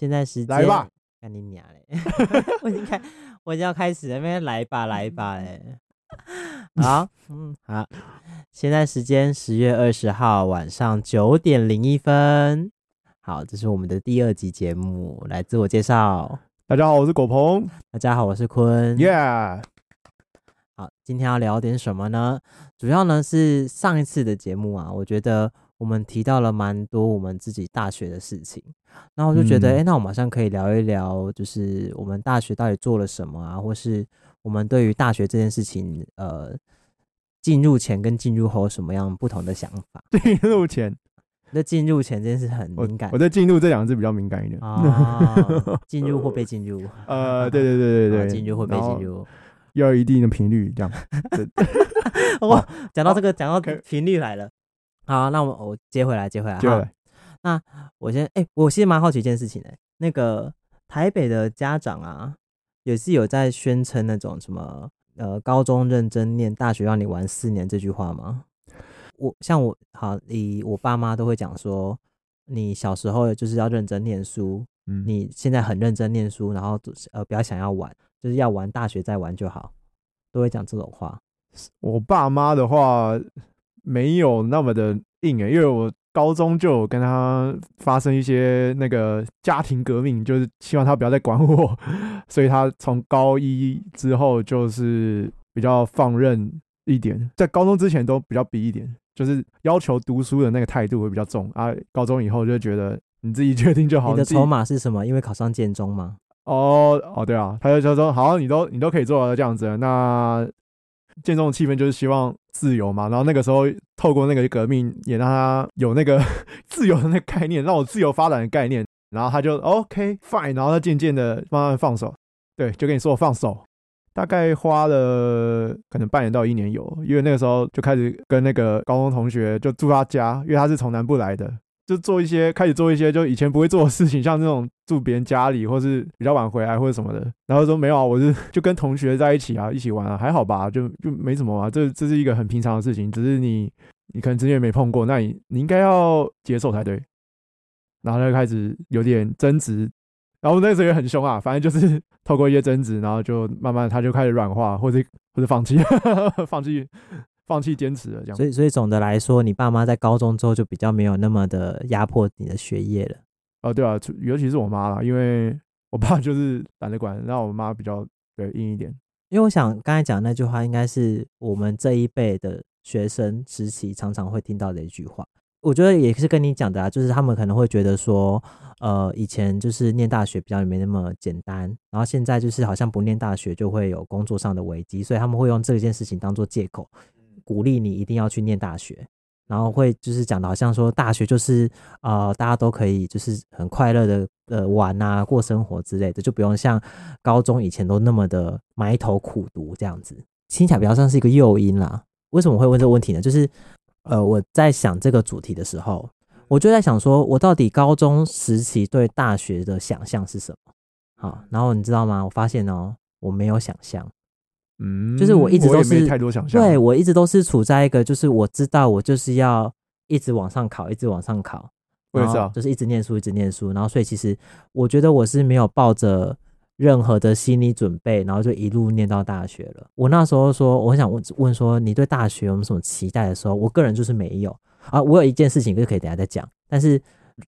現在時間，來吧，幹你娘嘞！ 我已經開，我已經要開始了，那來吧，來吧嘞，好，嗯，好。現在時間十月二十號晚上九點零一分。好，這是我們的第二集節目，來自我介紹。大家好，我是狗鵬。大家好，我是坤。Yeah! 好，今天要聊點什麼呢？主要呢是上一次的節目啊，我覺得。我們提到了蠻多我們自己大學的事情，然後我就覺得，哎、嗯欸，那我們馬上可以聊一聊，就是我們大學到底做了什麼啊，或是我們對於大學這件事情，呃，進入前跟進入後有什麼樣不同的想法？進入前，那進入前這件事很敏感的我。我在“進入”這兩個字比較敏感一點。啊，進 入或被進入，呃，對對對對對，進入或被進入，要一定的頻率，這樣。哇、 哦，講到這個、哦，講到頻率來了。好、啊，那我我接回來，接回來。對，那我先，哎、欸，我先實蠻好奇一件事情誒、欸。那個台北的家長啊，也是有在宣稱那種什麼，呃，高中認真念，大學讓你玩四年這句話嗎？我像我好，以我爸媽都會講說，你小時候就是要認真念書，嗯，你現在很認真念書，然後呃不要想要玩，就是要玩大學再玩就好，都會講這種話。我爸媽的話。沒有那麼的硬誒、欸，因為我高中就有跟他發生一些那個家庭革命，就是希望他不要再管我，所以他從高一之後就是比較放任一點，在高中之前都比較逼一點，就是要求讀書的那個態度會比較重啊。高中以後就覺得你自己決定就好了。你的籌碼是什麼？因為考上建中嗎？哦哦，對啊，他就說說好，你都你都可以做到這樣子。那建中的氣氛就是希望。自由嘛，然後那個時候透過那個革命，也讓他有那個自由的那個概念，讓我自由發展的概念，然後他就 OK, fine，然後他漸漸的慢慢放手，對，就跟你說我放手，大概花了可能半年到一年有，因為那個時候就開始跟那個高中同學就住他家，因為他是從南部來的。就做一些，開始做一些，就以前不會做的事情，像那種住別人家裡，或是比較晚回來或者什麼的。然後說沒有啊，我是就跟同學在一起啊，一起玩啊，還好吧，就就沒什麼啊。這這是一個很平常的事情，只是你你可能之前也沒碰過，那你你應該要接受才對。然後他就開始有點爭執，然後那時候也很凶啊，反正就是透過一些爭執，然後就慢慢他就開始軟化，或者或者放棄， 放棄。放棄堅持了，這樣。所以，所以總的來說，你爸媽在高中之後就比較沒有那麼的壓迫你的學業了。哦、呃，對啊，尤其是我媽啦，因為我爸就是懶得管，讓我媽比較對硬一點。因為我想剛才講那句話，應該是我們這一輩的學生時期常常會聽到的一句話。我覺得也是跟你講的啊，就是他們可能會覺得說，呃，以前就是念大學比較沒那麼簡單，然後現在就是好像不念大學就會有工作上的危機，所以他們會用這件事情當做借口。鼓勵你一定要去念大學，然後會就是講到，好像說大學就是呃大家都可以就是很快樂的呃玩吶、啊、過生活之類的，就不用像高中以前都那麼的埋頭苦讀這樣子，聽起來比較像是一個誘因啦。為什麼會問這個問題呢？就是呃我在想這個主題的時候，我就在想說我到底高中時期對大學的想象是什麼？好，然後你知道嗎？我發現哦、喔，我沒有想象。嗯，就是我一直都是，我也沒太多想象。對，我一直都是處在一個就是，我知道我就是要一直往上考，一直往上考。不知道，就是一直念書，一直念書，然後所以其實我覺得我是沒有抱着任何的心理準備，然後就一路念到大學了。我那時候說，我很想問問說你對大學有沒有什麼期待的時候，我個人就是沒有啊。我有一件事情就是可以等下再講，但是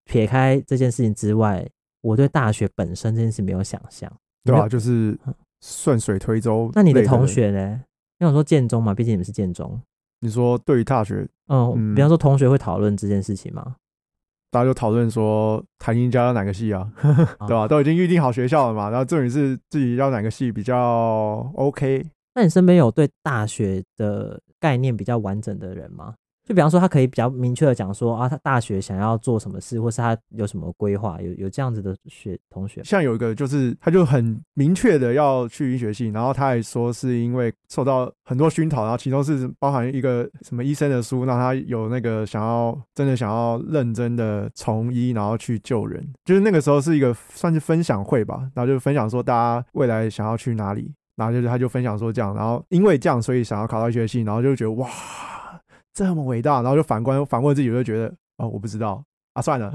撇開這件事情之外，我對大學本身這件事沒有想象。對啊，就是。嗯順水推舟，那你的同學呢？因為我說建中嘛，畢竟你們是建中。你說對於大學，嗯，比方說同學會討論這件事情嗎？大家就討論說譚英家要哪個系啊， 對吧、啊？都已經預定好學校了嘛，然後重點是自己要哪個系比較 OK。那你身邊有對大學的概念比較完整的人嗎？就比方說，他可以比較明確的講說啊，他大學想要做什麼事，或是他有什麼規劃，有有這樣子的學同學。像有一個就是，他就很明確的要去醫學系，然後他還說是因為受到很多熏陶，然後其中是包含一個什麼醫生的書，讓他有那個想要真的想要認真的從醫，然後去救人。就是那個時候是一個算是分享會吧，然後就分享說大家未來想要去哪裡，然後就是他就分享說這樣，然後因為這樣，所以想要考到醫學系，然後就覺得哇。這麼偉大，然後就反觀反問自己，我就覺得哦，我不知道啊，算了。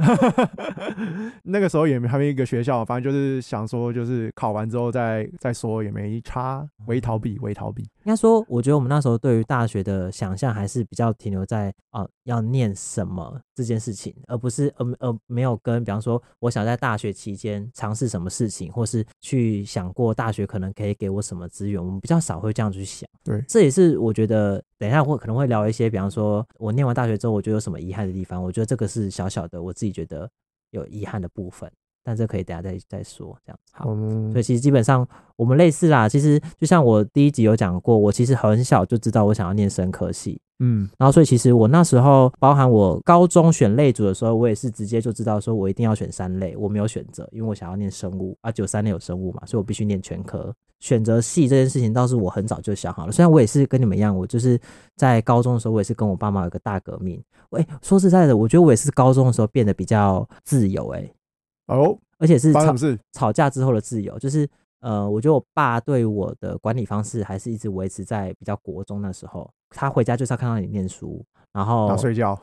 那個時候也沒還沒一個學校，反正就是想說，就是考完之後再再說，也沒差，為逃避，為逃避。應該說，我覺得我們那時候對於大學的想象還是比較停留在啊，要念什麼這件事情，而不是呃呃，而而沒有跟比方說，我想在大學期間嘗試什麼事情，或是去想過大學可能可以給我什麼資源，我們比較少會這樣去想。對，這也是我覺得，等一下我可能會聊一些，比方說我念完大學之後，我覺得有什麼遺憾的地方，我覺得這個是小小的，我自己覺得有遺憾的部分。但這可以等下再再說，這樣好，嗯。所以其實基本上我們類似啦。其實就像我第一集有講過，我其實很小就知道我想要念生科系。嗯，然後所以其實我那時候，包含我高中選類組的時候，我也是直接就知道說我一定要選三類，我沒有選擇，因為我想要念生物啊，只有三類有生物嘛，所以我必須念全科。選擇系這件事情倒是我很早就想好了。雖然我也是跟你們一樣，我就是在高中的時候，我也是跟我爸媽有個大革命。誒、欸，說實在的，我覺得我也是高中的時候變得比較自由，欸。誒。哦，而且是吵架之後的自由，就是呃，我覺得我爸對我的管理方式還是一直維持在比較國中那時候，他回家就是要看到你念書，然後睡覺，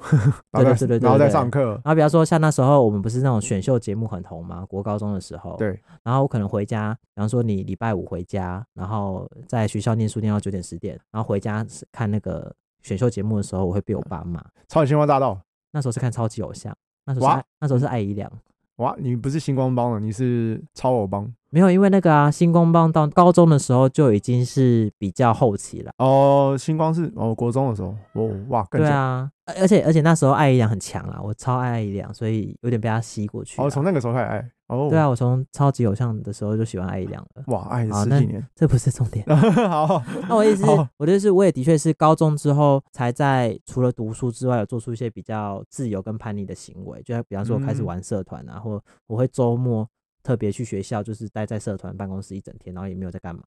對對對對，對，然後在上課，然後比方說像那時候我們不是那種選秀節目很紅嘛，國高中的時候，對，然後我可能回家，比方說你禮拜五回家，然後在學校念書念到九點十點，然後回家看那個選秀節目的時候，我會被我爸罵。超級星光大道那時候是看超級偶像，那時候是那時候是艾怡良。哇，你不是星光幫了，你是超偶幫？沒有，因為那個啊，星光幫到高中的時候就已經是比較後期了。哦，星光是哦，國中的時候，哦、嗯、哇更，對啊，而且而且那時候艾怡良很強啊，我超愛艾怡良，所以有點被他吸過去。哦，從那個時候開始愛。對啊，我從超級偶像的時候就喜歡愛一良了。哇，愛了十幾年那，這不是重點。 好， 那我意思是，我覺、就是，我也的確是高中之後才在除了讀書之外，有做出一些比較自由跟叛逆的行為。就比方說，我開始玩社團、啊嗯，然後我會週末特別去學校，就是待在社團辦公室一整天，然後也沒有在幹嘛。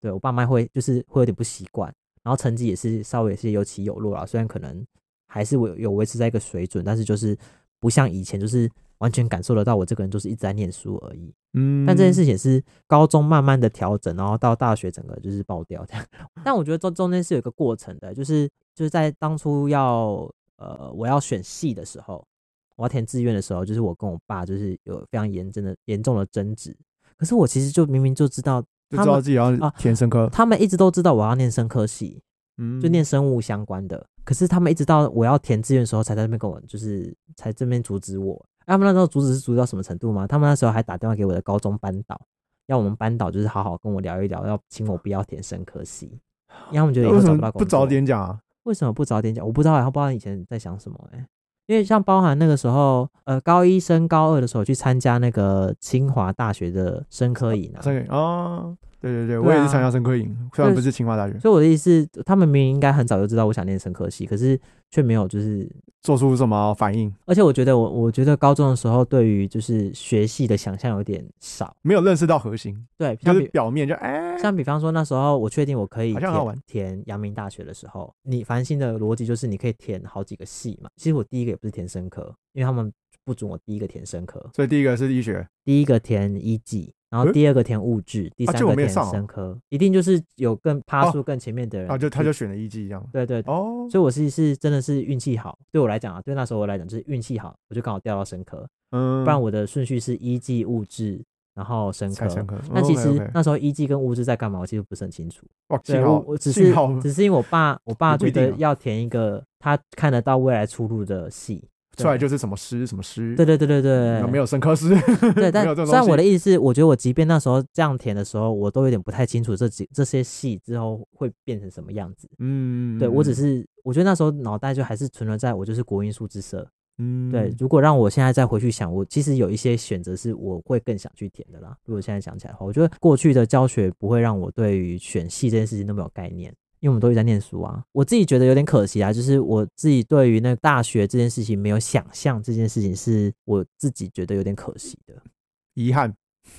對，我爸媽會就是會有點不習慣，然後成績也是稍微是有起有落了。雖然可能還是維有，有維持在一個水準，但是就是不像以前就是。完全感受得到，我這個人就是一直在唸書而已。嗯，但這件事情是高中慢慢的調整，然後到大學整個就是爆掉這樣 但我覺得這中間是有一個過程的，就是就是在當初要呃我要選系的時候，我要填志願的時候，就是我跟我爸就是有非常嚴真的嚴重的爭執。可是我其實就明明就知道，就知道自己要填生科、啊，他們一直都知道我要念生科系，嗯，就念生物相關的。可是他們一直到我要填志願的時候才這、就是，才在那邊跟我就是才這邊阻止我。他們那時候阻止是阻止到什麼程度嗎？他們那時候還打電話給我的高中班導，要我們班導就是好好跟我聊一聊，要請我不要填生科系，因為他們覺得以後找不到工作。不早點講啊？為什麼不早點講？我不知道、欸，包含以前在想什麼哎、欸？因為像包含那個時候，呃，高一升高二的時候去參加那個清華大學的生科營啊。啊對對對，對啊，我也是想要生科營，雖然不是清華大學。所以我的意思，他們明明應該很早就知道我想念生科系，可是卻沒有就是做出什麼反應。而且我覺得我，我我覺得高中的時候，對於就是學系的想象有點少，沒有認識到核心。對，它的、就是、表面，就哎、欸，像比方說那時候我確定我可以填填陽明大學的時候，你繁星的邏輯就是你可以填好幾個系嘛。其實我第一個也不是填生科，因為他們不准我第一個填生科，所以第一個是醫學，第一個填醫技。然後第二個填物質，欸、第三個填生科，啊啊，一定就是有更趴數更前面的人，他、啊就、啊、就他就選了一技一樣。對對、對哦，所以我是是真的是運氣好，對我來講啊，對那時候我來講就是運氣好，我就剛好掉到生科，嗯，不然我的順序是醫技物質，然後生科。那其實那時候醫技跟物質在幹嘛，我其實不是很清楚。哦、啊，其實我、我只是、嗯、只是因為我爸，我、啊、爸覺得要填一個他看得到未來出路的系。出來就是什麼系什麼系，對對對對對，對，沒有聲科系，對，但雖然我的意思是，我覺得我即便那時候這樣填的時候，我都有點不太清楚這幾這些系之後會變成什麼樣子。嗯，對，我只是我覺得那時候腦袋就還是存了在我就是國英數自社。嗯，對，如果讓我現在再回去想，我其實有一些選擇是我會更想去填的啦。如果現在想起來的話，我覺得過去的教學不會讓我對於選系這件事情那麼有概念。因為我們都在念書啊，我自己覺得有點可惜啊，就是我自己對於那個大學這件事情沒有想象，這件事情是我自己覺得有點可惜的遺憾，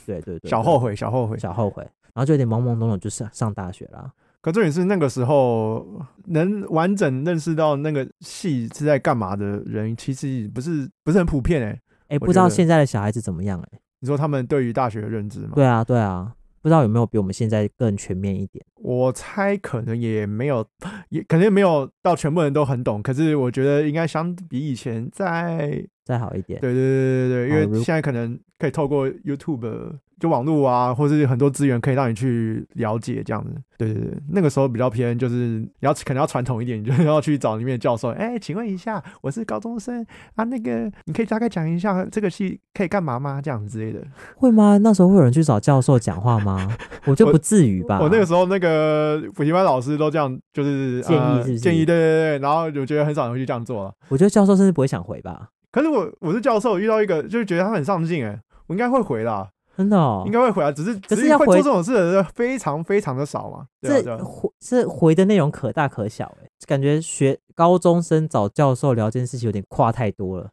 對對對，對，小後悔，小後悔，小後悔，然後就有點懵懵懂懂，就是上大學了，啊。可重點是那個時候能完整認識到那個系是在幹嘛的人，其實不是不是很普遍誒。誒，不知道現在的小孩子怎麼樣誒，欸？你說他們對於大學的認知嗎？對啊對啊，啊、不知道有沒有比我們現在更全面一點。我猜可能也沒有，也肯定沒有到全部人都很懂。可是我覺得應該相比以前再再好一點。對對對對對，因為現在可能可以透過 YouTube。就網路啊，或是很多資源可以讓你去了解這樣子。對對對，那個時候比較偏，就是你要可能要傳統一點，你就要去找裡面的教授。哎、欸，請問一下，我是高中生啊，那個你可以大概講一下這個系可以幹嘛嗎？這樣子之類的。會嗎？那時候會有人去找教授講話嗎？ 我就不至於吧我。我那個時候那個補習班老師都這樣，就是建議是是，啊、建議，對對對。然後就覺得很少人會去這樣做了，啊。我覺得教授甚至不會想回吧。可是我我是教授，遇到一個就覺得他很上進，哎，我應該會回啦。真的哦，應該會回來，只是可是會做這種事的人非常非常的少嘛。是回，啊啊、是回，是回的內容可大可小。哎、欸，感覺學高中生找教授聊這件事情有點跨太多了，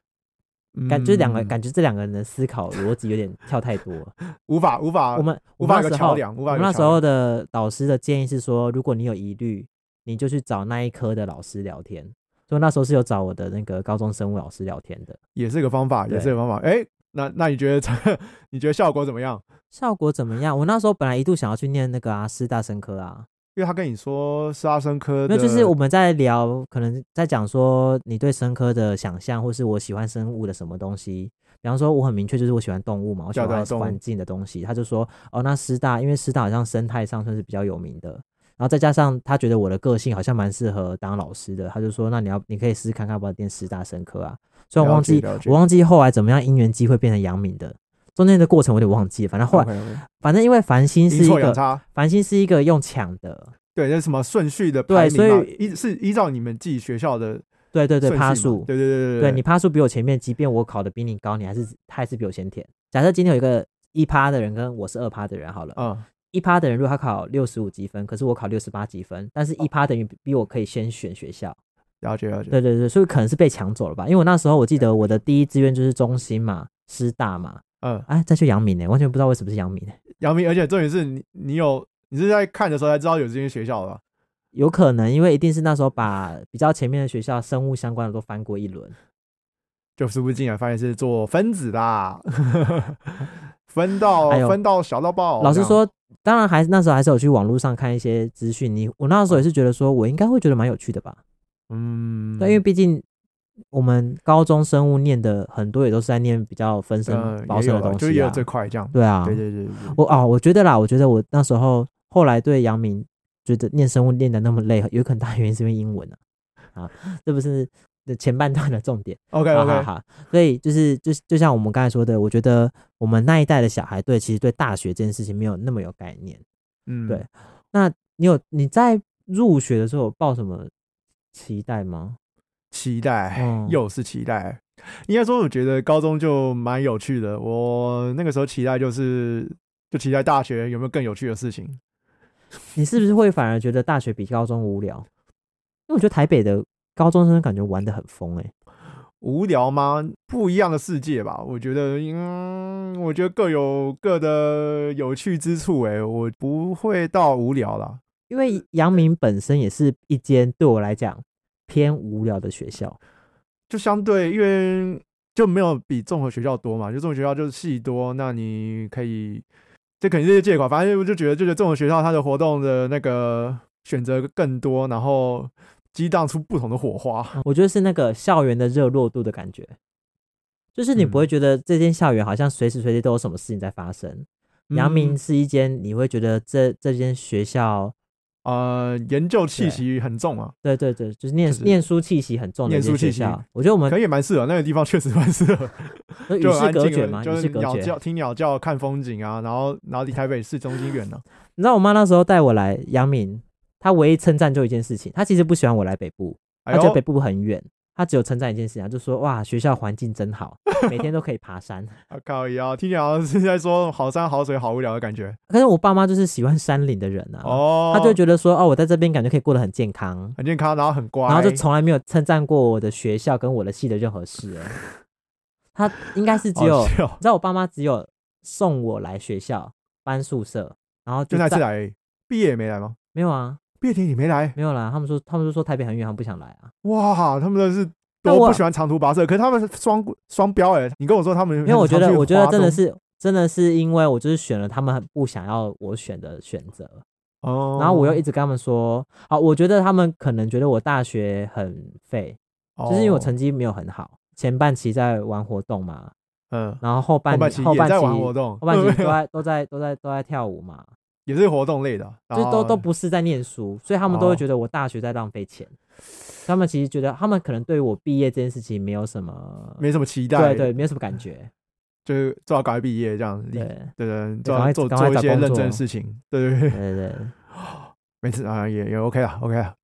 嗯、感覺兩、就是、個感覺這兩個人的思考邏輯有點跳太多了， 無法無法我們，我們無法一個橋樑。我們那時候的導師的建議是說，如果你有疑慮，你就去找那一科的老師聊天。所以那時候是有找我的那個高中生物老師聊天的，也是個方法，也是個方法。哎、欸。那那你覺得這 你覺得效果怎麼樣？效果怎麼樣？我那時候本來一度想要去念那個啊師大生科啊，因為他跟你說師大生科，那就是我們在聊，可能在講說你對生科的想象，或是我喜歡生物的什麼東西。比方說，我很明確就是我喜歡動物嘛，我喜歡環境的東西。他，他就說哦，那師大，因為師大好像生態上算是比較有名的。然後再加上他覺得我的個性好像蠻適合當老師的，他就說：“那你要你可以試試看看，不要墊師大生科啊。”雖然我忘記我忘記後來怎麼樣因緣機會變成陽明的中間的過程，我有點忘記了。反正後來，okay, okay. 反正因為繁星是一個繁星是一個用搶的，對，那是什麼順序的排名嘛，對，所以依是依照你們自己學校的對對對趴數，對對對對對，對，對，你趴數比我前面，即便我考的比你高，你還是他還是比我先填。假設今天有一個一趴的人跟我是二趴的人，好了。嗯一趴的人，如果他考六十五級分，可是我考六十八級分，但是一趴等於比、哦、我可以先選學校，了解了解，對對對，所以可能是被搶走了吧。因為我那時候我記得我的第一志願就是中興嘛，師大嘛，嗯，哎，再去陽明呢，完全不知道為什麼是陽明呢。陽明，而且重點是你你有，你是在看的時候才知道有這間學校的，有可能，因為一定是那時候把比較前面的學校生物相關的都翻過一輪，就是不是進來發現是做分子的， 分到分到小到爆、哎，老實說。當然還，還那時候還是有去網絡上看一些資訊。你我那時候也是覺得，說我應該會覺得蠻有趣的吧？嗯，對，因為畢竟我們高中生物念的很多也都是在念比較分身保守的東西啊。也就也這塊這樣。對啊，對對對，對，對，我啊、哦，我覺得啦，我覺得我那時候後來對陽明覺得念生物念的那麼累，有可能大原因是因為英文啊 啊，這不是。的前半段的重點，OK OK，啊、好，好，所以就是就就像我們剛才說的，我覺得我們那一代的小孩對其實對大學這件事情沒有那麼有概念，嗯，對。那你有你在入學的時候有抱什麼期待嗎？期待，又是期待。嗯、應該說，我覺得高中就蠻有趣的。我那個時候期待就是，就期待大學有沒有更有趣的事情。 你是不是會反而覺得大學比高中無聊？因為我覺得台北的。高中生感覺玩得很瘋哎，無聊嗎？不一樣的世界吧，我覺得，嗯，我覺得各有各的有趣之處哎、欸，我不會到無聊啦，因為陽明本身也是一間對我來講偏無聊的學校，就相對，因為就沒有比綜合學校多嘛，就綜合學校就是系多，那你可以，這肯定是個借口，反正我就覺得，就覺得綜合學校它的活動的那個選擇更多，然後。激盪出不同的火花，嗯，我覺得是那個校園的熱絡度的感覺，就是你不會覺得這間校園好像隨時隨地都有什麼事情在發生。嗯、陽明是一間你會覺得這這間學校，呃，研究氣息很重啊，對對對，對，就是念念書氣息很重的一間學校，念書氣息啊，我覺得我們可以蠻適合那個地方，確實蠻適合， 就是與世隔絕嘛，就是鳥叫、聽鳥叫、看風景啊，然後然後離台北市中心遠呢、啊。 你知道我媽那時候帶我來陽明。他唯一稱讚就一件事情，他其實不喜歡我來北部，他覺得北部很遠、哎，他只有稱讚一件事情，他就說哇學校環境真好， 每天都可以爬山。可以啊，聽起來好像是在說好山好水好無聊的感覺。可是我爸媽就是喜歡山林的人啊，哦、他就覺得說哦，我在這邊感覺可以過得很健康，很健康，然後很乖，然後就從來沒有稱讚過我的學校跟我的系的任何事。 他應該是只有，你知道我爸媽只有送我來學校搬宿舍，然後就那次來畢業也沒來嗎？沒有啊。畢業典禮，你沒來？沒有啦，他們說，他們都說台北很遠，他們不想來啊。哇，他們真的是都不喜歡長途跋涉，可是他們雙雙標誒、欸、你跟我說他們，因為我覺得，我覺得真的是，真的是因為我就是選了他們很不想要我選的選擇。哦。然後我又一直跟他們說，啊，我覺得他們可能覺得我大學很廢、哦，就是因為我成績沒有很好。前半期在玩活動嘛，嗯，然後後半期後半期在玩活動，後半期，後半期都在 都在都在，都在，都，在都在跳舞嘛。也是活動類的，就都都不是在唸書，所以他們都會覺得我大學在浪費錢。哦、他們其實覺得，他們可能對我畢業這件事情沒有什麼，沒什麼期待，對對，對，沒有什麼感覺，就是做好趕快畢業這樣子，對對對，最好做做,做一些認真事情，對對對對，對，對，對，對，對。每次啊也也 OK 了，OK 了，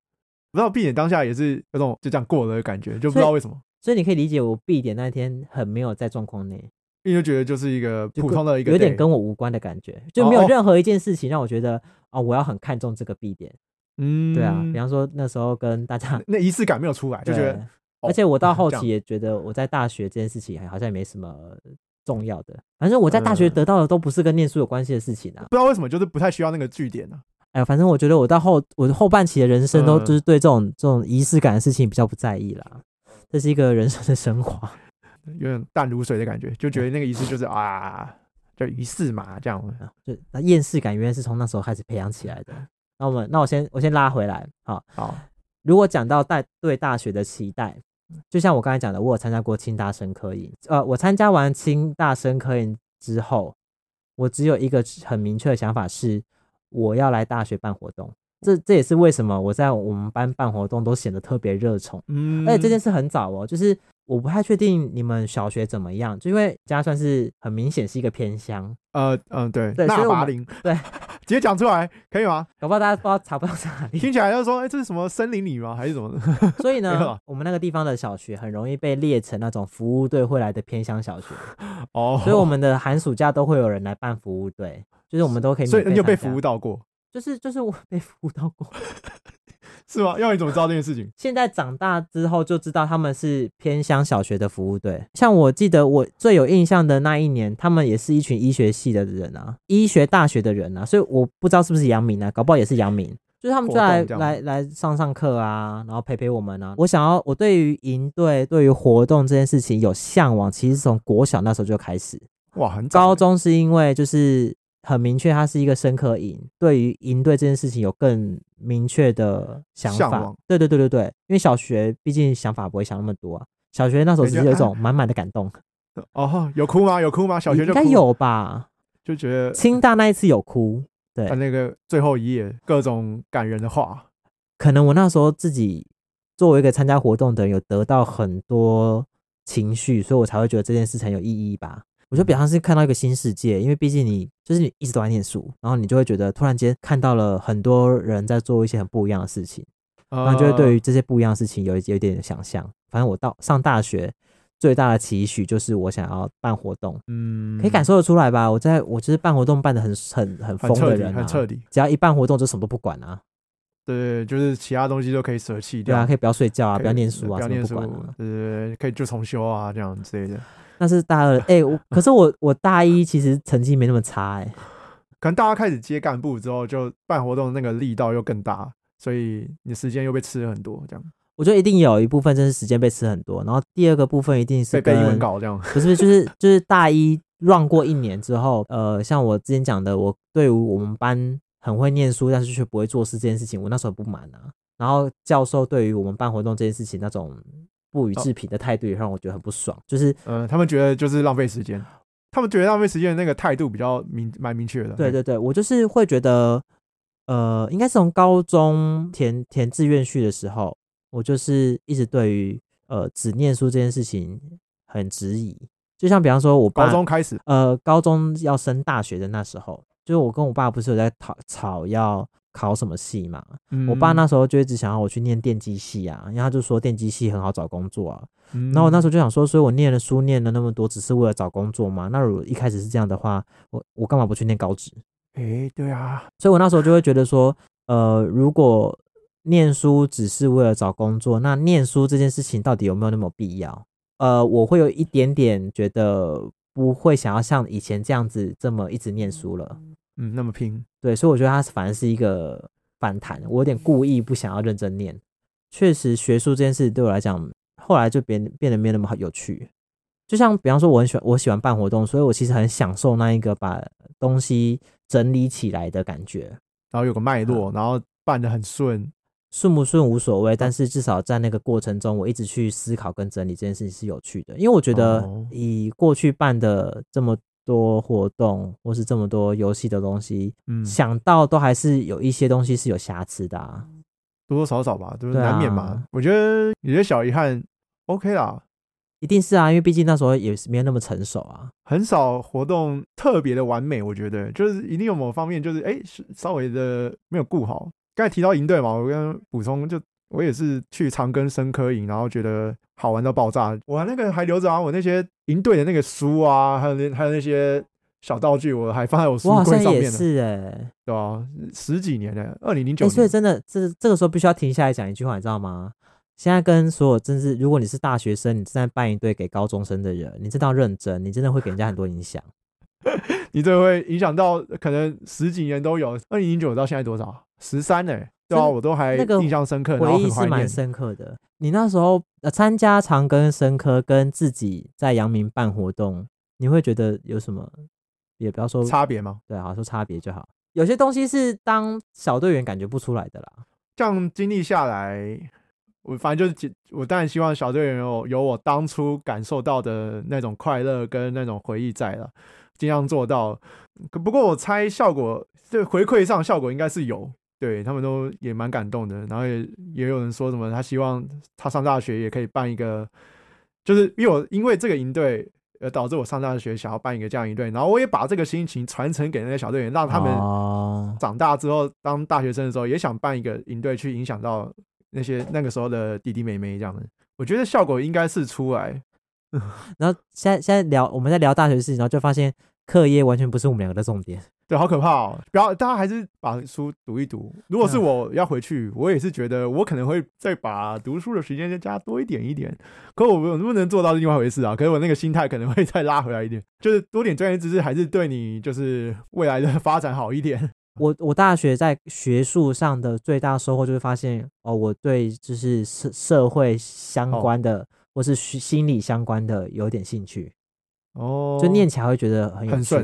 不知道畢典當下也是有種就這樣過的感覺，就不知道為什麼。所以你可以理解我畢典那一天很沒有在狀況內。你就覺得就是一個普通的，一個有點跟我無關的感覺，就沒有任何一件事情讓我覺得哦,哦,哦，我要很看重這個畢典。嗯，對啊，比方說那時候跟大家那儀式感沒有出來，就覺得、哦，而且我到後期也覺得我在大學這件事情還好像也沒什麼重要的，嗯、反正我在大學得到的都不是跟念書有關係的事情啊、嗯。不知道為什麼，就是不太需要那個句點呢、啊。哎呀、呃，反正我覺得我到後我後半期的人生都就是對這種、嗯、這種儀式感的事情比較不在意啦，這是一個人生的升華。有點淡如水的感覺，就覺得那個儀式就是、嗯、啊，是儀式嘛，這樣就那厭世感原來是從那時候開始培養起來的。那我們，那我先我先拉回來，好，好。如果講到帶對大學的期待，就像我剛才講的，我有參加過清大生科營。呃，我參加完清大生科營之後，我只有一個很明確的想法是，我要來大學辦活動。這這也是為什麼我在我們班辦活動都顯得特別熱衷，嗯，而且這件事很早哦，就是。我不太確定你們小學怎麼樣，就因為家算是很明顯是一個偏鄉。呃嗯、呃，對對，納巴對，直接講出來可以嗎？搞不好大家不知道，查不到在哪裡，聽起來就說，哎、欸，這是什麼森林裡嗎？還是什麼？ 所以呢、啊，我們那個地方的小學很容易被列成那種服務隊會來的偏鄉小學。哦，所以我們的寒暑假都會有人來辦服務隊，就是我們都可以，所以你有被服務到過？就是就是我被服務到過。 是嗎？要你怎麼知道這件事情？現在長大之後就知道他們是偏鄉小學的服務隊。像我記得我最有印象的那一年，他們也是一群醫學系的人啊，醫學大學的人啊，所以我不知道是不是陽明啊，搞不好也是陽明。就是他們就來來來上上課啊，然後陪陪我們啊。我想要，我對於營隊、對於活動這件事情有向往，其實從國小那時候就開始。哇，很早。高中是因為就是很明確，他是一個深刻營，對於營隊這件事情有更。明確的想法，對對對對對，因為小學畢竟想法不會想那麼多、啊、小學那時候只是有一種滿滿的感動、嗯嗯。哦，有哭嗎？有哭嗎？小學就哭應該有吧。就覺得清大那一次有哭，對，啊、那個最後一頁各種感人的話，可能我那時候自己作為一個參加活動的人有得到很多情緒，所以我才會覺得這件事很有意義吧。我就比方是看到一個新世界，因為畢竟你就是你一直都在念書，然後你就會覺得突然間看到了很多人在做一些很不一樣的事情，然後就會對於這些不一樣的事情有一、呃、有一點想象。反正我到上大學最大的期許就是我想要辦活動，嗯，可以感受得出來吧？我在我就是辦活動辦得很很很瘋的人啊，很徹底，很徹底。只要一辦活動就什麼都不管啊，對，就是其他東西都可以捨棄掉啊，可以不要睡覺啊，不要念書啊，什麼不管啊，對對對，可以就重修啊這樣之類的。那是大二，哎、欸，我可是我我大一其實成績沒那麼差、欸，哎，可能大家開始接幹部之後就辦活動，那個力道又更大，所以你時間又被吃很多，這樣。我覺得一定有一部分真是時間被吃很多，然後第二個部分一定是跟背背英文稿這樣。可 是，就是就是大一亂過一年之後，呃，像我之前講的，我對於我們班很會念書，但是卻不會做事這件事情，我那時候不滿啊。然後教授對於我們辦活動這件事情那種。不予置評的態度也讓我覺得很不爽，就是，嗯，他們覺得就是浪費時間，他們覺得浪費時間的那個態度比較明，蠻明確的。對對對，我就是會覺得，呃，應該是從高中填填志願序的時候，我就是一直對於呃只念書這件事情很質疑。就像比方說我爸，我高中開始，呃，高中要升大學的那時候，就是我跟我爸不是有在吵吵要考什麼系嘛、嗯？我爸那時候就一直想要我去念電機系啊，然後他就說電機系很好找工作啊、嗯。然後我那時候就想說，所以我念的書念了那麼多，只是為了找工作嗎？那如果一開始是這樣的話，我我幹嘛不去念高職？哎、欸，對啊。所以我那時候就會覺得說，呃，如果念書只是為了找工作，那念書這件事情到底有沒有那麼必要？呃，我會有一點點覺得不會想要像以前這樣子這麼一直念書了。嗯嗯，那麼拼。對，所以我覺得他反而是一個反彈。我有點故意不想要認真念，確、嗯、實，學術這件事對我來講，後來就變變得沒那麼好有趣。就像比方說，我很喜歡我喜歡辦活動，所以我其實很享受那一個把東西整理起來的感覺，然後有個脈絡、嗯，然後辦的很順，順不順無所謂，但是至少在那個過程中，我一直去思考跟整理這件事情是有趣的，因為我覺得以過去辦的這麼。多活動，或是這麼多遊戲的東西，嗯，想到都還是有一些東西是有瑕疵的、啊，多多少少吧，就是難免嘛、啊。我覺得有些小遺憾，OK 啦，一定是啊，因為畢竟那時候也是沒有那麼成熟啊，很少活動特別的完美，我覺得就是一定有某方面就是哎、欸，稍微的沒有顧好。剛才提到營隊嘛，我跟補充就。我也是去長庚、深科營，然後覺得好玩到爆炸。我那個還留着啊，我那些營隊的那個書啊，還有那還有那些小道具，我還放在我書櫃上面的。我好像是哎、欸，對吧、啊？十幾年嘞，二零零九。所以真的，這這個時候必須要停下來講一句話，你知道嗎？現在跟所有，甚至如果你是大學生，你正在辦一隊給高中生的人，你知道認真，你真的會給人家很多影響。 你真的會影響到可能十幾年都有，二零零九到現在多少？十三嘞。對啊，我都還印象深刻，回憶是蠻深刻的。你那時候呃參加長庚、深科跟自己在陽明辦活動，你會覺得有什麼？也不要說差別嗎？對，好說差別就好。有些東西是當小隊員感覺不出來的啦。這樣經歷下來，我反正就是我當然希望小隊員有有我當初感受到的那種快樂跟那種回憶在了，盡量做到、嗯。不過我猜效果，這回饋上效果應該是有。對，他們都也蠻感動的，然後也也有人說什麼他希望他上大學也可以辦一個，就是因為我因為這個營隊而導致我上大學想要辦一個這樣營隊，然後我也把這個心情傳承給那些小隊員，讓他們長大之後當大學生的時候也想辦一個營隊去影響到那些那個時候的弟弟妹妹這樣的。我覺得效果應該是出來。然後現在現在聊我們在聊大學事情，然後就發現課業完全不是我們兩個的重點。對，好可怕哦！不要，大家還是把書讀一讀。如果是我要回去，嗯、我也是覺得我可能會再把讀書的時間再加多一點一點。可我能不能做到是另外一回事啊？可是我那個心態可能會再拉回來一點，就是多點專業知識還是對你就是未來的發展好一點。我我大學在學術上的最大收穫就是發現哦，我對就是社社會相關的、哦、或是心理相關的有點興趣哦，就念起來會覺得很有趣。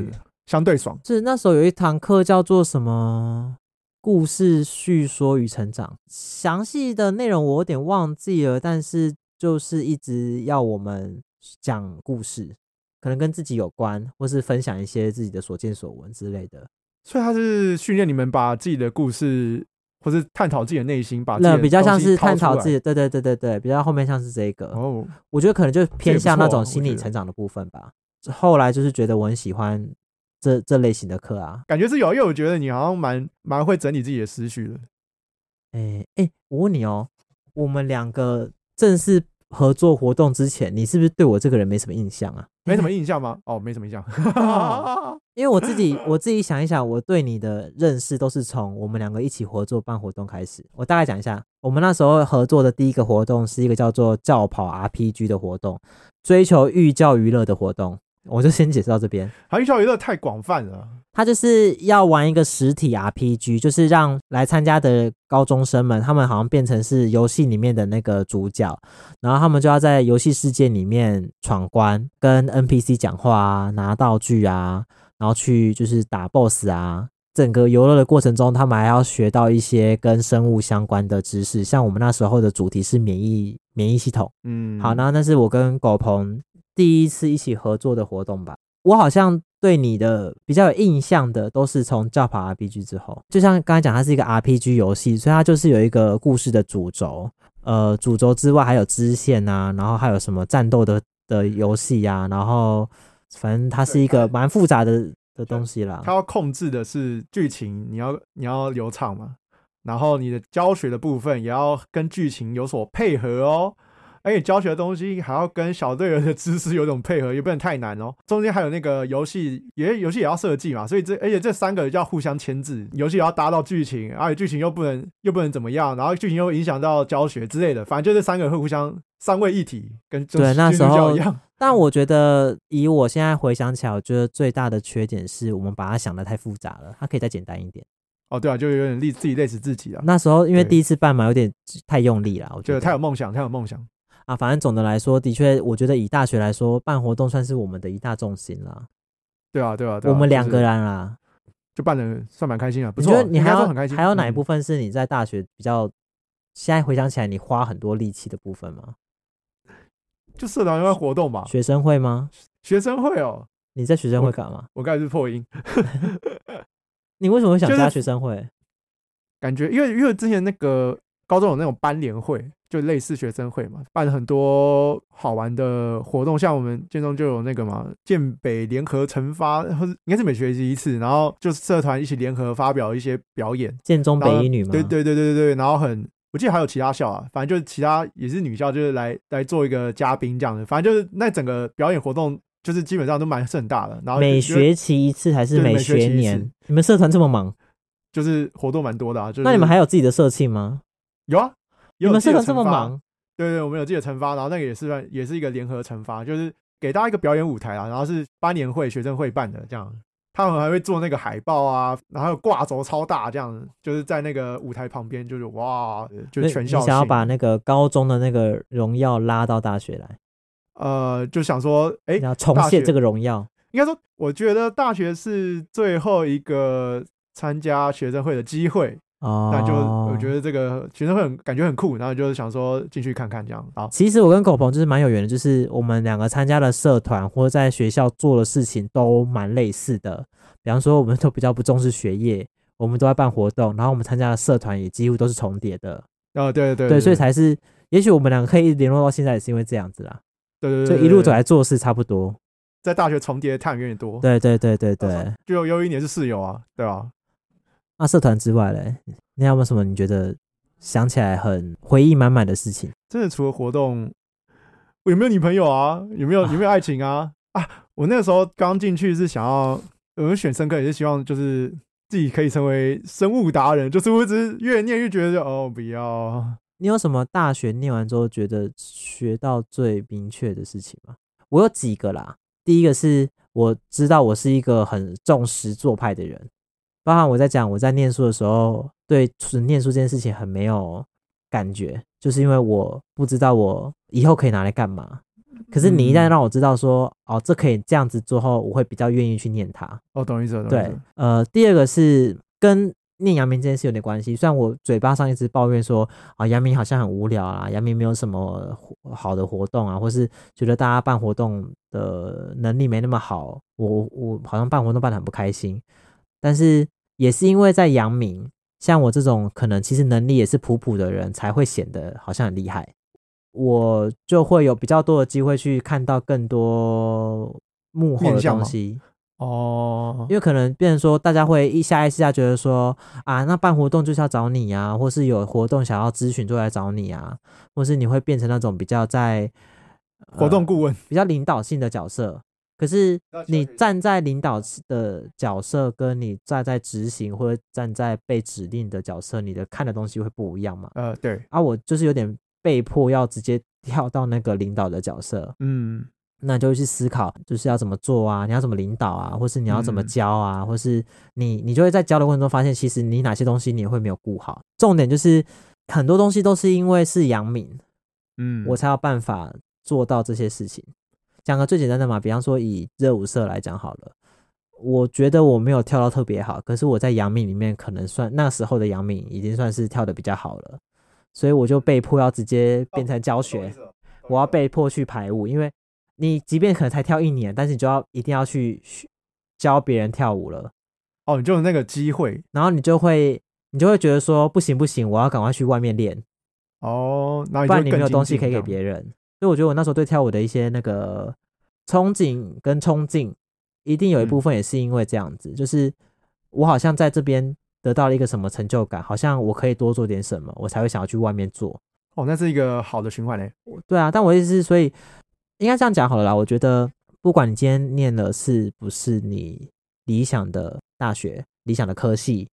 相對爽是那時候有一堂課叫做什麼故事敘說與成長，詳細的內容我有點忘記了，但是就是一直要我們講故事，可能跟自己有關，或是分享一些自己的所見所聞之類的。所以他是訓練你們把自己的故事，或是探討自己的內心，吧。那比較像是探討自己，對對對對對，比較後面像是這個。哦，我覺得可能就偏向那種心理成長的部分吧。啊、後來就是覺得我很喜歡這這類型的課啊，感覺是有，因為我覺得你好像蠻蠻會整理自己的思緒的。誒誒，我問你哦，我們兩個正式合作活動之前，你是不是對我這個人沒什麼印象啊？沒什麼印象嗎？哦，沒什麼印象。 哦、因為我自己我自己想一想，我對你的認識都是從我們兩個一起合作辦活動開始。我大概講一下，我們那時候合作的第一個活動是一個叫做教跑 RPG 的活動，追求寓教於樂的活動。我就先解釋到這邊。韓語校園遊樂太廣泛了，他就是要玩一個實體 RPG，就是讓來參加的高中生們，他們好像變成是遊戲裡面的那個主角，然後他們就要在遊戲世界裡面闖關，跟 NPC 講話啊，拿道具啊，然後去就是打 BOSS 啊。整個遊樂的過程中，他們還要學到一些跟生物相關的知識，像我們那時候的主題是免疫免疫系統。嗯，好，然後那是我跟狗鵬第一次一起合作的活動吧，我好像對你的比較有印象的都是從《教跑 RPG》之後，就像剛才講，它是一個 RPG 遊戲，所以它就是有一個故事的主軸，呃，主軸之外還有支線啊，然後還有什麼戰鬥的的遊戲啊，然後反正它是一個蠻複雜的的東西啦。它要控制的是劇情，你要你要流暢嘛，然後你的教學的部分也要跟劇情有所配合哦。而、欸、且教學的東西還要跟小隊員的知識有種配合，也不能太難哦、喔。中間還有那個遊戲，也遊戲也要設計嘛。所以這而且、欸、這三個人就要互相牽制，遊戲也要搭到劇情，而且劇情又不能又不能怎麼樣，然後劇情又影響到教學之類的。反正就這三個人會互相三位一體，跟對那比較一樣。但我覺得以我現在回想起來，我覺得最大的缺點是我們把它想得太複雜了，它可以再簡單一點。哦，對啊，就有點累，自己累死自己了。那時候因為第一次辦嘛，有點太用力了，我覺得太有夢想，想，太有夢想。啊，反正總的來說，的確，我覺得以大學來說，辦活動算是我們的一大重心了。對啊，對啊，對啊，我們兩個人啦，就，是，就辦的算蠻開心啊，不錯。你覺得你還要說很開心？還有哪一部分是你在大學比較現在回想起來你花很多力氣的部分嗎？就社團相關活動吧，學生會嗎？學，學生會哦、喔。你在學生會幹嘛？我剛才是破音。 你為什麼會想加學生會？就是、感覺因為因為之前那個高中有那種班聯會。就類似學生會嘛，辦很多好玩的活動，像我們建中就有那個嘛，建北聯合成發，應該是每學期一次，然後就是社團一起聯合發表一些表演，建中北一女嘛，對對對對對然後很，我記得還有其他校啊，反正就是其他也是女校，就是來來做一個嘉賓這樣的，反正就是那整個表演活動就是基本上都蠻盛大的，然後每學期一次還是,一次、就是每學年？你們社團這麼忙，就是活動蠻多的啊，就是、那你們還有自己的社慶嗎？有啊。你們是怎麼這麼忙？對對，我們有自己的成發，然後那個也是也是一個聯合成發，就是給大家一個表演舞台啊，然後是班聯會學生會辦的這樣，他們還會做那個海報啊，然後掛軸超大這樣，就是在那個舞台旁邊，就是哇，就是全校。想要把那個高中的那個榮耀拉到大學來？呃，就想說，哎，重現這個榮耀。應該說，我覺得大學是最後一個參加學生會的機會。哦，那就我覺得這個其實會很感覺很酷，然後就是想說進去看看這樣。好，其實我跟狗鵬就是蠻有緣的，就是我們兩個參加的社團或者在學校做的事情都蠻類似的。比方說，我們都比較不重視學業，我們都在辦活動，然後我們參加的社團也幾乎都是重疊的。哦，對，對對對，所以才是，也許我們兩個可以聯絡到現在，也是因為這樣子啦。對對，對對對，就一路走來做事差不多，在大學重疊的探員也多。對對對對對，對、哦，就有一年是室友啊，對吧、啊？啊，社團之外嘞，那有沒有什麼你覺得想起來很回憶滿滿的事情？真的，除了活動，我有沒有女朋友啊？有沒有有沒有愛情啊？ 啊，我那個時候剛進去是想要我們選生科也是希望就是自己可以成為生物達人，就是不知越念越覺得就哦，不要。你有什麼大學念完之後覺得學到最明確的事情嗎？我有幾個啦，第一個是我知道我是一個很重視做派的人。包含我在講，我在念書的時候，對念書這件事情很沒有感覺，就是因為我不知道我以後可以拿來幹嘛。可是你一旦讓我知道說嗯嗯，哦，這可以這樣子做後，我會比較願意去念它。哦，懂意思了。懂意思。對，呃，第二個是跟念陽明這件事有點關係。雖然我嘴巴上一直抱怨說，啊、呃，陽明好像很無聊啊，陽明沒有什麼好，好的活動啊，或是覺得大家辦活動的能力沒那麼好，我我好像辦活動辦得很不開心，但是。也是因為在陽明，像我這種可能其實能力也是普普的人，才會顯得好像很厲害。我就會有比較多的機會去看到更多幕後的東西哦。因為可能變成說，大家會一下一下覺得說啊，那辦活動就是要找你啊，或是有活動想要諮詢就來找你啊，或是你會變成那種比較在、呃、活動顧問比較領導性的角色。可是你站在領導的角色，跟你站在執行或者站在被指令的角色，你的看的東西會不一樣嘛？呃、uh,，對。啊，我就是有點被迫要直接跳到那個領導的角色，嗯，那就去思考就是要怎麼做啊，你要怎麼領導啊，或是你要怎麼教啊，嗯、或是你你就會在教的過程中發現，其實你哪些東西你也會沒有顧好。重點就是很多東西都是因為是陽明，嗯，我才有辦法做到這些事情。講個最簡單的嘛，比方說以熱舞社來講好了，我覺得我沒有跳到特別好，可是我在陽明裡面可能算那時候的陽明已經算是跳得比較好了，所以我就被迫要直接變成教學，哦、我要被迫去排舞、哦，因為你即便可能才跳一年，但是你就要一定要去學教別人跳舞了。哦，你就有那個機會，然後你就會你就會覺得說不行不行，我要趕快去外面練，哦，那，不然你沒有東西可以給別人。所以我覺得我那時候對跳舞的一些那個憧憬跟衝勁，一定有一部分也是因為這樣子，嗯、就是我好像在這邊得到了一個什麼成就感，好像我可以多做點什麼，我才會想要去外面做。哦，那是一個好的循環呢、欸。對啊，但我意思是，所以應該這樣講好了啦。我覺得不管你今天念的是不是你理想的大學、理想的科系、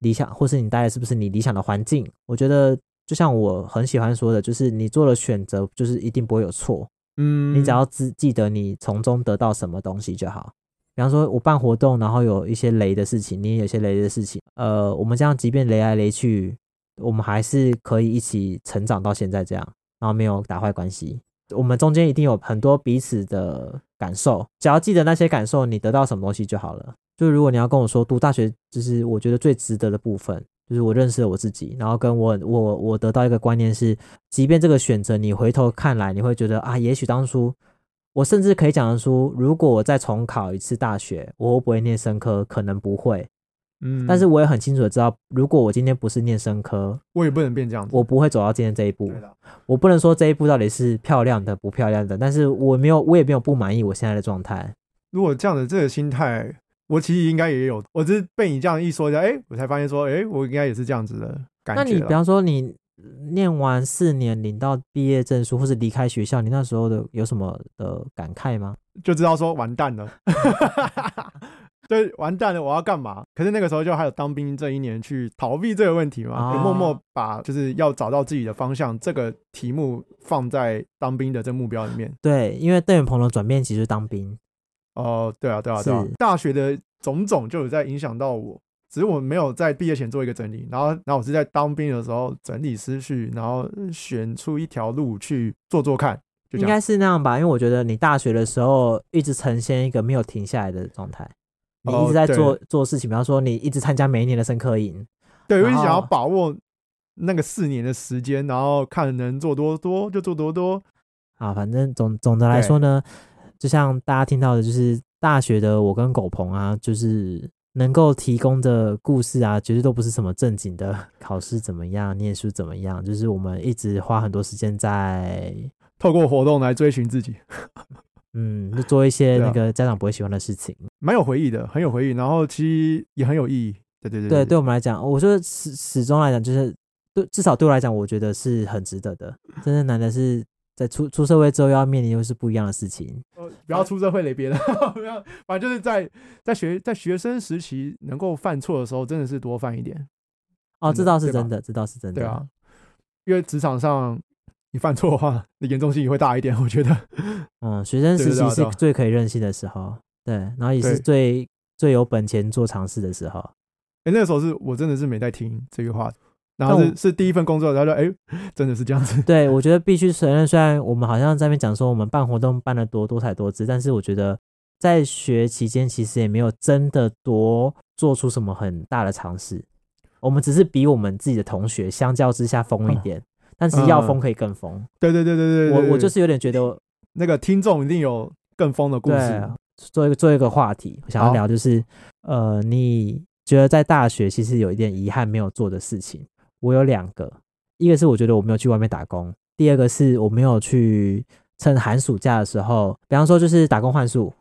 理想，或是你待的是不是你理想的環境，我覺得。就像我很喜歡說的，就是你做了選擇，就是一定不會有錯。嗯，你只要只記得你從中得到什麼東西就好。比方說，我辦活動，然後有一些雷的事情，你也有一些雷的事情。呃，我們這樣，即便雷來雷去，我們還是可以一起成長到現在這樣，然後沒有打壞關係。我們中間一定有很多彼此的感受，只要記得那些感受，你得到什麼東西就好了。就如果你要跟我說讀大學，就是我覺得最值得的部分，就是我認識了我自己，然後跟我我我得到一個觀念是，即便這個選擇你回頭看來，你會覺得啊，也許當初我甚至可以講得出，如果我再重考一次大學，我會不會念生科？可能不會。嗯，但是我也很清楚的知道，如果我今天不是念生科，我也不能變這樣子，我不會走到今天這一步。對的，我不能說這一步到底是漂亮的不漂亮的，但是我沒有，我也沒有不滿意我現在的狀態。如果這樣的這個心態。我其實應該也有，我只是被你這樣一說一下，欸，我才發現說，哎，欸，我應該也是這樣子的感覺。那你比方說，你念完四年領到畢業證書，或者離開學校，你那時候的有什麼的感慨嗎？就知道說完蛋了， 對，完蛋了，我要幹嘛？可是那個時候就還有當兵這一年去逃避這個問題嘛，啊，默默把就是要找到自己的方向這個題目放在當兵的這目標裡面。對，因為鄧遠鵬的轉變其實當兵。哦，對啊，對啊，對啊！大學的種種就有在影響到我，只是我沒有在畢業前做一個整理。然後，然後我是在當兵的時候整理思緒，然後選出一條路去做做看。應該是那樣吧，因為我覺得你大學的時候一直呈現一個沒有停下來的狀態，你一直在做、哦、做事情。比方說，你一直參加每一年的生科營，對，對我就想要把握那個四年的時間，然後看能做多多就做多多。啊，反正總總的來說呢。就像大家聽到的，就是大學的我跟狗鵬啊，就是能夠提供的故事啊，其實都不是什麼正經的考試怎麼樣、念書怎麼樣，就是我們一直花很多時間在透過活動來追尋自己。嗯，就做一些那個家長不會喜歡的事情，啊，蠻有回憶的，很有回憶，然後其實也很有意義。對對對，對，對，對，對我們來講，我覺得始始終來講，就是，對，至少對我來講，我覺得是很值得的。真正難的是。在出出社會之後，要面臨又是不一樣的事情。呃、不要出社會雷別的，呃、 不要。反正就是在在學在學生時期，能夠犯錯的時候，真的是多犯一點。哦，嗯、這倒是真的，這倒是真的。對啊，因為職場上你犯錯的話，你嚴重性也會大一點。我覺得，嗯，學生時期是最可以任性的時候， 對，對，啊對，啊、對，然後也是最最有本錢做嘗試的時候。哎、欸，那個、時候是我真的是沒在聽這個話。然後是，是第一份工作，然後就，哎，真的是這樣子。對，我覺得必須承認，雖然我們好像在那邊講說我們辦活動辦得多多彩多姿，但是我覺得在學期間其實也沒有真的多做出什麼很大的嘗試。我們只是比我們自己的同學相較之下瘋一點，嗯，但是要瘋可以更瘋。嗯。對對對對對，我我就是有點覺得那個聽眾一定有更瘋的故事，做一個做一個話題我想要聊，就是呃，你覺得在大學其實有一點遺憾沒有做的事情？我有兩個，一個是我覺得我沒有去外面打工，第二個是我沒有去趁寒暑假的時候，比方說就是打工換宿，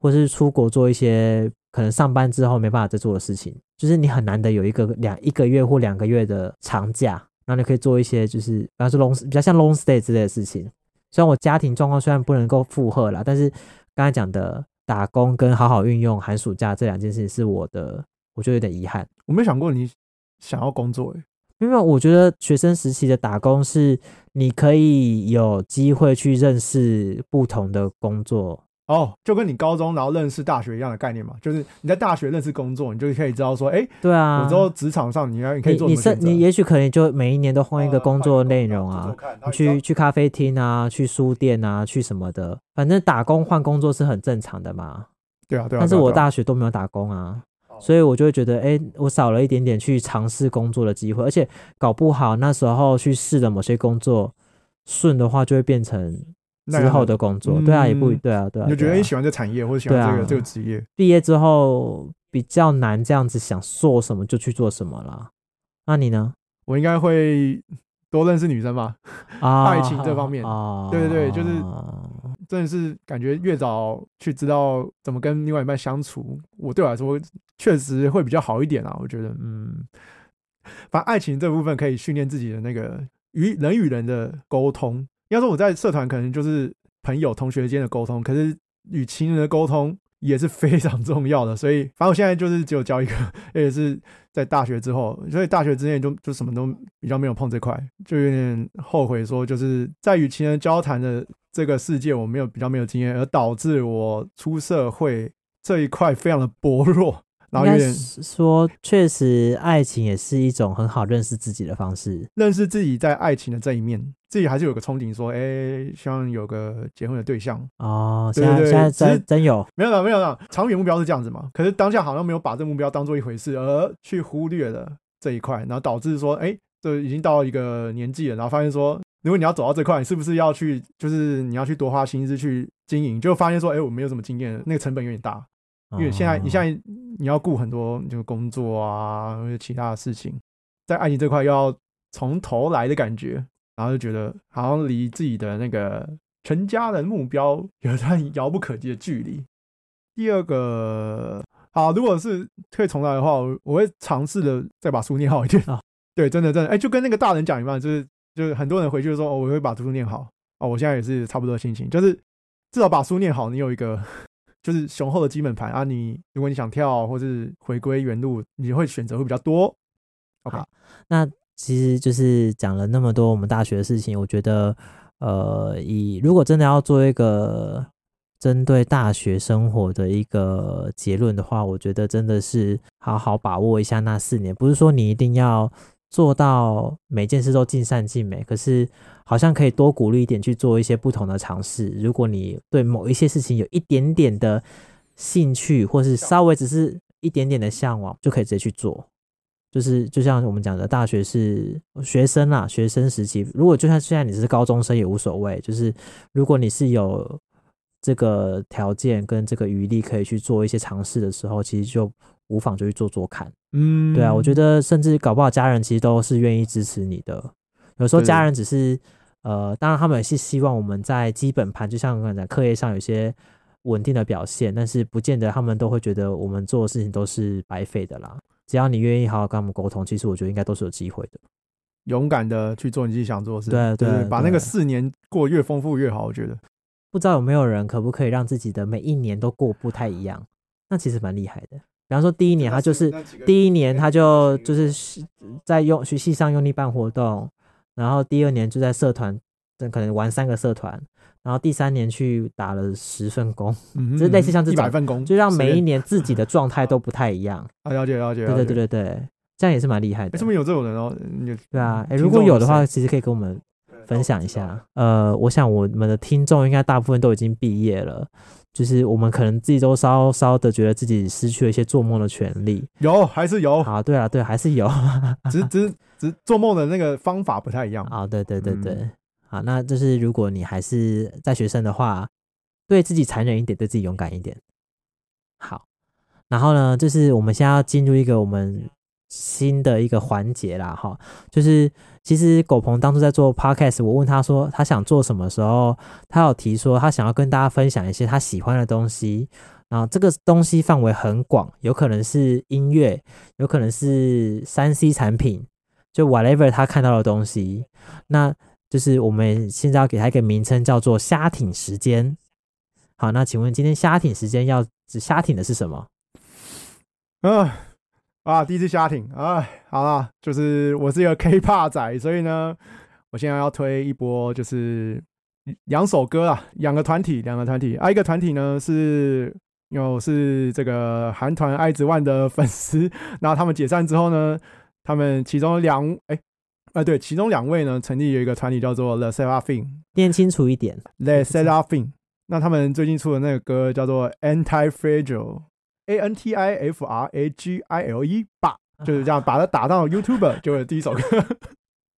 或是出國做一些可能上班之後沒辦法再做的事情。就是你很難得有一個兩一個月或兩個月的長假，然後你可以做一些就是比方說 long, 比較像 long stay 之類的事情。雖然我家庭狀況雖然不能夠負荷啦，但是剛才講的打工跟好好運用寒暑假這兩件事情是我的，我覺得有點遺憾。我沒有想過你想要工作誒、欸。因為我覺得學生時期的打工是你可以有機會去認識不同的工作哦，就跟你高中然後認識大學一樣的概念嘛，就是你在大學認識工作，你就可以知道說，哎、欸，對啊，之後職場上你要你可以做什麼選擇？你，你，是你也許可能就每一年都換一個工作內容啊，試試去去咖啡廳啊，去書店啊，去什麼的，反正打工換工作是很正常的嘛，對、啊對啊。對啊，對啊，但是我大學都沒有打工啊。所以，我就會覺得，哎、欸，我少了一點點去嘗試工作的機會，而且搞不好那時候去試的某些工作順的話，就會變成之後的工作。那個、對啊，嗯、也不對啊，對啊。你就覺得你喜歡這產業、啊、或者喜歡這個、啊、這個職業？畢業之後比較難這樣子想做什麼就去做什麼啦。那你呢？我應該會多認識女生吧？啊，愛 情這方面啊，啊，對對對，就是。啊真的是感覺越早去知道怎麼跟另外一半相處，我對我來說確實會比較好一點啊。我覺得，嗯，反正愛情這部分可以訓練自己的那個與人與人的溝通。應該說我在社團可能就是朋友、同學間的溝通，可是與情人的溝通也是非常重要的。所以，反正我現在就是只有交一個，也是在大學之後，所以大學之前就就什麼都比較沒有碰這塊，就有點後悔說就是在與情人交談的。這個世界我沒有比較沒有經驗，而導致我出社會這一塊非常的薄弱，然後有點說，確實愛情也是一種很好認識自己的方式，認識自己在愛情的這一面，自己還是有個憧憬，說，哎，希望有個結婚的對象哦，現在現在真真有，沒有了沒有了，長遠目標是這樣子嘛，可是當下好像沒有把這目標當做一回事，而去忽略了這一塊，然後導致說，哎，這已經到了一個年紀了，然後發現說。如果你要走到這塊，你是不是要去？就是你要去多花心思去經營，就發現說，哎、欸，我沒有什麼經驗，那個成本有點大。因為現在，你現在你要顧很多，就工作啊，或者其他的事情，在愛情這塊又要從頭來的感覺，然後就覺得好像離自己的那個全家人目標有段遙不可及的距離。第二個，啊，如果是退重來的話，我會嘗試的再把書念好一點啊。對，真的，真的，哎、欸，就跟那個大人講一樣，就是。就是很多人回去說，我會把書念好。哦，我現在也是差不多的心情，就是至少把書念好，你有一個就是雄厚的基本盤啊你。你如果你想跳，或是回歸原路，你會選擇會比較多。Okay. 那其實就是講了那麼多我們大學的事情，我覺得呃，以如果真的要做一個針對大學生活的一個結論的話，我覺得真的是好好把握一下那四年，不是說你一定要。做到每件事都盡善盡美，可是好像可以多鼓勵一點去做一些不同的嘗試。如果你對某一些事情有一點點的興趣，或是稍微只是一點點的嚮往，就可以直接去做。就是就像我們講的，大學是學生啦，學生時期。如果就算現在你是高中生也無所謂。就是如果你是有這個條件跟這個餘力可以去做一些嘗試的時候，其實就。無妨，就去做做看。嗯，對啊，我覺得甚至搞不好家人其實都是願意支持你的。有時候家人只是對對，呃，當然他們也是希望我們在基本盤，就像剛才講課業上有些穩定的表現，但是不見得他們都會覺得我們做的事情都是白費的啦。只要你願意好好跟他們溝通，其實我覺得應該都是有機會的。勇敢的去做你自己想做的事情，對，對對對，把那個四年過得越豐富越好。我覺得，不知道有沒有人可不可以讓自己的每一年都過不太一樣？那其實蠻厲害的。比方說，第一年他就是第一年他就就是在用學習上用力辦活動，然後第二年就在社團，可能玩三個社團，然後第三年去打了十份工，就是類似像這種，一百份工，就讓每一年自己的狀態都不太一樣。啊，了解了解。對對對對對，這樣也是蠻厲害的。為什麼有這種人哦？對啊，哎，如果有的話，其實可以跟我們分享一下。呃，我想我們的聽眾應該大部分都已經畢業了。就是我們可能自己都稍稍的覺得自己失去了一些做夢的權利，有還是有啊？對啊，對，還是有， 只只只做夢的那個方法不太一樣。啊，對對對對、嗯，好，那就是如果你還是在學生的話，對自己殘忍一點，對自己勇敢一點。好，然後呢，就是我們現在要進入一個我們。新的一個環節啦，哈，就是其實狗鵬當初在做 podcast，我問他說他想做什麼時候，他有提說他想要跟大家分享一些他喜歡的東西，然後這個東西範圍很廣，有可能是音樂，有可能是三 C 產品，就 whatever 他看到的東西，那就是我們現在要給他一個名稱叫做“蝦挺時間”。好，那請問今天蝦挺時間要指蝦挺的是什麼？啊？啊，第一次 chatting。哎，好了，就是我是一個 K-pop 仔，所以呢，我現在要推一波，就是兩首歌啊，兩個團體，兩個團體，啊，一個團體呢是，因為我是這個韓團 IZ*ONE 的粉絲，那他們解散之後呢，他們其中兩，哎、欸，啊，對，其中兩位呢，曾經有一個團體叫做 LE SSERAFIM，念清楚一點，LE SSERAFIM，那他們最近出的那個歌叫做 Anti-Fragile。A N T I F R A G I L E 吧，就是這樣，把它打到 YouTube， 就是第一首歌，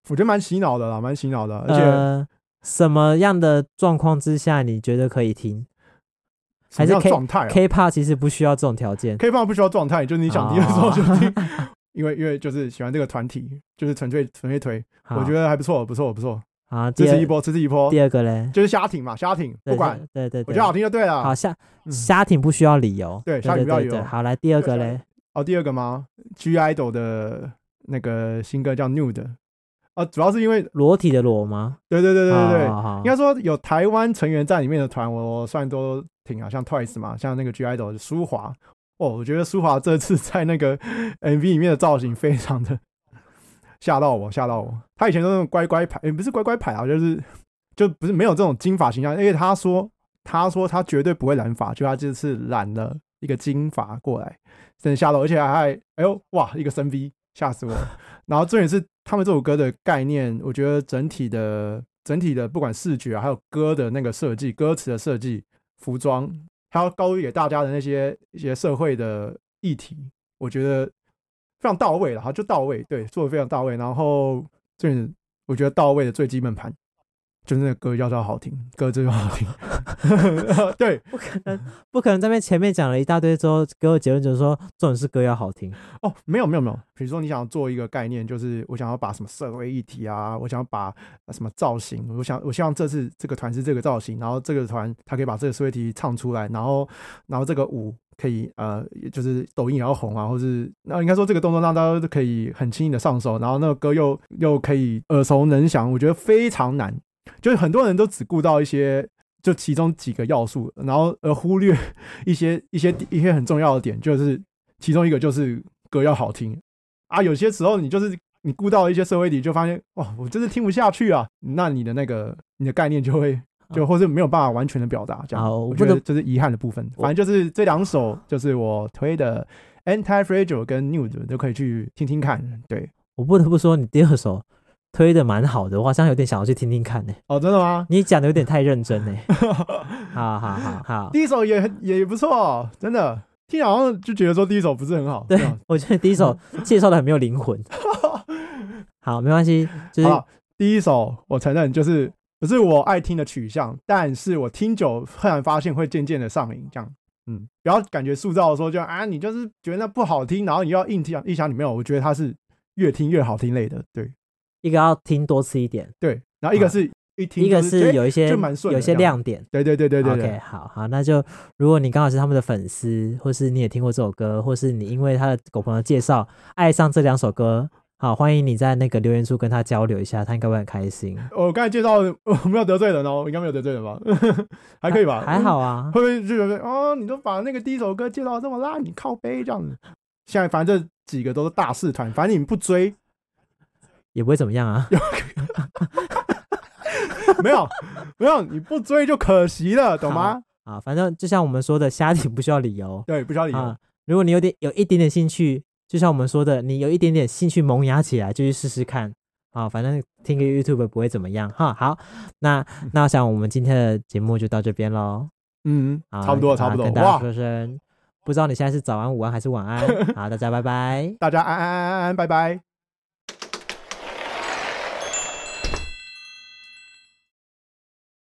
我覺得蠻洗腦的、的，蠻洗腦的。而且什麼樣的狀況之下，你覺得可以聽？啊、還是 K 狀態？K-pop 其實不需要這種條件，K-pop 不需要狀態，就是你想聽的時候就聽。 因為因為就是喜歡這個團體，就是純粹純粹推，我覺得還不錯，不錯，不錯。啊，這是一波，這是一波。第二個嘞，就是蝦挺嘛，蝦挺，不管，對對對，我覺得好聽就對了。好，蝦蝦、嗯、挺不需要理由，對，對，對，對，蝦挺不需要理由，對對對對。好，來第二個嘞，哦，第二個嗎？G IDOL 的那個新歌叫《Nude》，啊，主要是因為裸體的裸嗎？對對對對對對，好好好應該說，有台灣成員在裡面的團，我算都挺好、啊、像 TWICE 嘛，像那個 G IDOL 的舒華，哦，我覺得舒華這次在那個 MV 裡面的造型非常的。嚇到我，嚇到我！他以前都是那種乖乖牌，也、欸、不是乖乖牌啊，就是就不是沒有這種金髮形象。因為他說，他說他絕對不會染髮，就他這次染了一個金髮過來，真嚇到我，而且還還哎呦哇，一個深 V 嚇死我了！ 然後重點是他們這首歌的概念，我覺得整體的、整體的，不管視覺、啊、還有歌的那個設計、歌詞的設計、服裝，還有拋給大家的那些一些社會的議題，我覺得。非常到位了哈，就到位，對，做得非常到位，然後這是我覺得到位的最基本盤。就是、那個歌要叫好聽，歌就要好聽。 對，不可能，不可能。這邊前面講了一大堆之後，給我結論就是說，重點是歌要好聽。哦，沒有沒有沒有。比如說，你想要做一個概念，就是我想要把什麼社會議題啊，我想要把什麼造型，我想我希望這次這個團是這個造型，然後這個團他可以把這個社會議題唱出來，然後然後這個舞可以呃，就是抖音也要紅啊，或是那應該說這個動作讓大家都可以很輕易的上手，然後那個歌又又可以耳熟能詳，我覺得非常難。就是很多人都只顧到一些，就其中幾個要素，然後而忽略一些一些一些很重要的點。就是其中一個就是歌要好聽啊，有些時候你就是你顧到一些社會底，就發現哇，我真的聽不下去啊。那你的那個你的概念就會就或是沒有辦法完全的表達，這樣、啊、我覺得這是遺憾的部分、啊。反正就是這兩首就是我推的《Anti Fragile》跟《Nude》都可以去聽聽看。對，我不得不說，你第二首。推的蠻好的話，我好像有點想要去聽聽看呢、欸。哦，真的嗎？你講的有點太認真呢、欸。 好好好，好。第一首也也不錯，真的聽好像就覺得說第一首不是很好。對，我覺得第一首介紹的很沒有靈魂。 好，沒關係，就是第一首我承認就是不是我愛聽的取向，但是我聽久，突然發現會漸漸的上癮這樣。嗯，不要感覺塑造的時候就啊你就是覺得那不好聽，然後你又要硬聽，印象裡面，我覺得它是越聽越好聽類的，對。一個要聽多次一點，對，然後一個是，啊、一聽、就是、一個是有一些、欸、就蠻順的有一些亮點，對對對對，對，對 OK，好好，那就如果你剛好是他們的粉絲，或是你也聽過這首歌，或是你因為他的狗朋友介紹愛上這兩首歌，好，歡迎你在那個留言處跟他交流一下，他應該會很開心。我剛才介紹我沒有得罪人哦，應該沒有得罪人吧？ 還可以吧？啊、還好啊、嗯。會不會就哦，你都把那個第一首歌介紹這麼爛，你靠杯這樣子？現在反正這幾個都是大勢團，反正你們不追。也不會怎麼樣啊 ，沒有，沒有，你不追就可惜了，懂嗎？啊，反正就像我們說的，瞎聽不需要理由，對，不需要理由。啊、如果你有點有一點點興趣，就像我們說的，你有一點點興趣萌芽起來，就去試試看啊。反正聽個 YouTube 不會怎麼樣哈、啊。好，那那我想我們今天的節目就到這邊嘍。嗯，差不多，差不多、啊。跟大家說聲，不知道你現在是早安、午安還是晚安。好，大家拜拜， 大家安安安安拜拜。